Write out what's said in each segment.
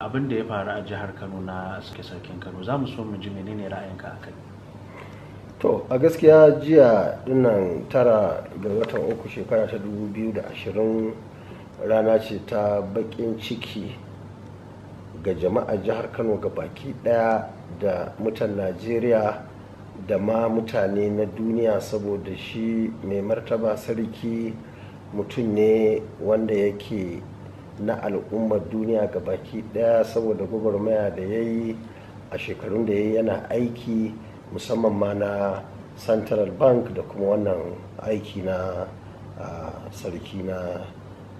abin da ya faru a jihar kano na suke sarkin kano za mu so mu ji menene ra'ayinka a kai to a gaskiya jiya dinnan tara ga watan uku shekara ta dubu biyu da ashirin, rana ce ta bakin ciki ga jama'a jihar kano ga baki daya da mutan najeriya da ma mutane na duniya saboda shi mai martaba sarki mutum ne wanda yake na al'ummar duniya ga baki daya saboda gwagwarmaya da ya yi a shekarun da ya yi yana aiki musamman ma na central bank da kuma wannan aiki na sarki na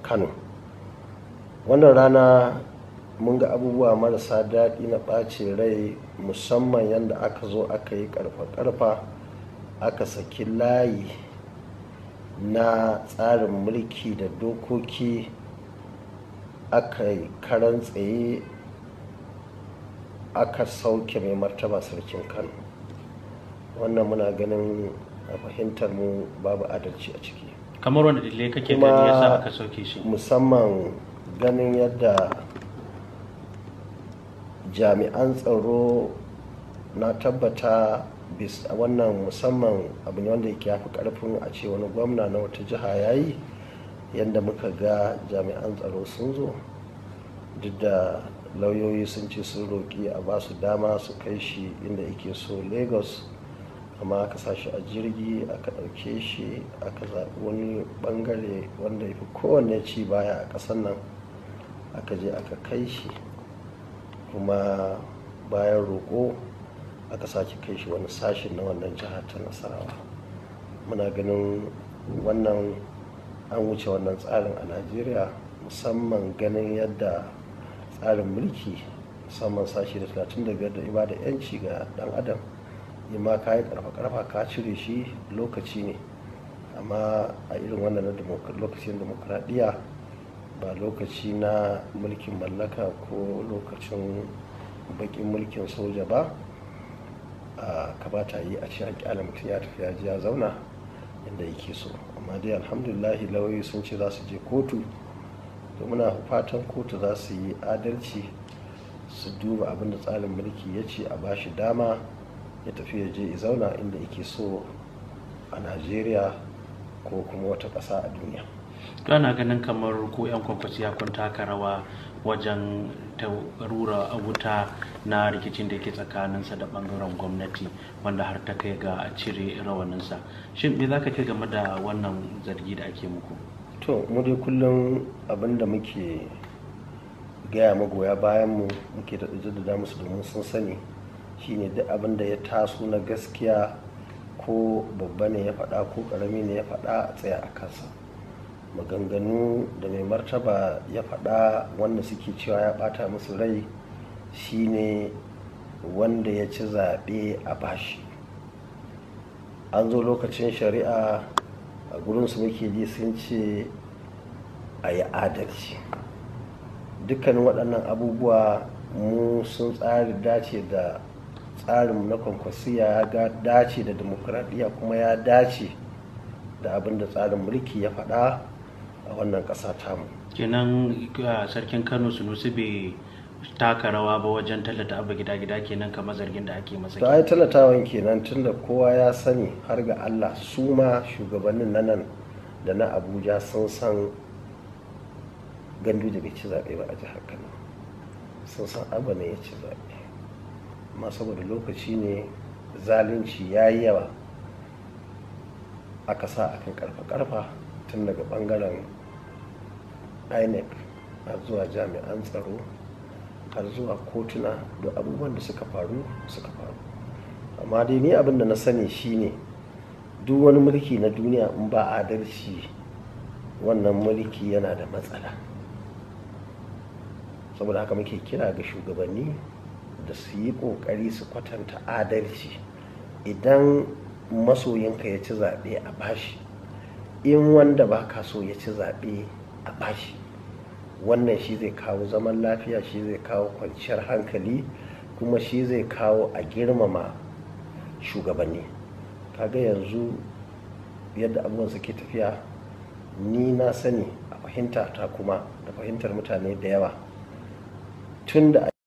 kano wannan rana mun ga abubuwa marasa daɗi na ɓace rai musamman yadda aka zo aka yi ƙarfa-ƙarfa aka saki layi na tsarin mulki da dokoki aka yi karan tsaye aka sauke mai martaba sarkin kano wannan muna ganin a fahimtar mu babu adalci a ciki kamar wanda dalilai kake ya sa aka sauke shi musamman ganin yadda jami'an tsaro na tabbata wannan musamman abu ne wanda yake yafi karfin a ce wani gwamna na wata jiha ya yi. yadda muka ga jami'an tsaro sun zo duk da lauyoyi sun ce sun roƙi a ba su dama su kai shi inda yake so lagos amma aka sa shi a jirgi aka ɗauke shi aka zaɓi wani ɓangare wanda ya fi kowanne ci baya a ƙasar nan aka je aka kai shi kuma bayan roƙo aka sake kai shi wani sashen na wannan jihar ta nasarawa muna ganin wannan an wuce wannan tsarin a najeriya musamman ganin yadda tsarin mulki musamman sashi da 35 da da yanci ga dan adam ma ka yi karfa-karfa ka cire shi lokaci ne amma a irin wannan lokacin demokradiyya ba lokaci na mulkin mallaka ko lokacin bakin mulkin soja ba ka ba yi a cikin mutum ya tafi ya ji ya zauna inda yake so amma dai alhamdulillahi lauyoyi sun ce za su je kotu da muna fatan kotu za su yi adalci su duba abinda tsarin mulki ya ce a bashi dama ya tafi ya je zauna inda yake so a najeriya ko kuma wata ƙasa a duniya to ana ganin kamar ko 'yan kwakwaci ya kun taka rawa wajen ta rura wuta na rikicin da ke tsakaninsa da bangaren gwamnati wanda har ta kai ga a cire rawaninsa shin me za ka game da wannan zargi da ake muku to mu dai kullum abinda muke gaya magoya bayan mu muke da jaddada musu domin sun sani shine duk abin da ya taso na gaskiya ko babba ne ya faɗa ko ƙarami ne ya faɗa a tsaya a kansa maganganu da mai martaba ya faɗa wanda suke cewa ya ɓata musu rai shine wanda ya ci zaɓe a bashi an zo lokacin shari'a a gurinsu muke ji sun ce a yi adalci dukkanin waɗannan abubuwa mu sun tsari dace da tsarinmu na kwankwasiya ya dace da demokradiyya kuma ya dace da abin da tsarin mulki ya faɗa a wannan ƙasa tamu kenan sarkin kano sunusi bai taka rawa ba wajen tallata abu gida gida kenan kamar zargin da ake masa yi tallatawan kenan tunda kowa ya sani har ga allah su ma shugabannin na nan da na abuja sun san gandu da bai ci zaɓe ba a jihar kano sun san abu ne ya ci zaɓe amma saboda lokaci ne zalunci ya yi yawa aka sa akan karfa-karfa tun daga bangaren inec a zuwa jami'an tsaro har zuwa kotuna da abubuwan da suka faru suka faru amma dai ni abin da na sani shine duk wani mulki na duniya in ba adalci wannan mulki yana da matsala saboda haka muke kira ga shugabanni da su yi ƙoƙari su kwatanta adalci idan masoyinka ya ci zaɓe a bashi in wanda ba ka so ya ci zaɓe a bashi wannan shi zai kawo zaman lafiya shi zai kawo kwanciyar hankali kuma shi zai kawo a girmama shugabanni kaga yanzu yadda abubuwan suke tafiya ni na sani a fahimta ta kuma da fahimtar mutane da yawa tun da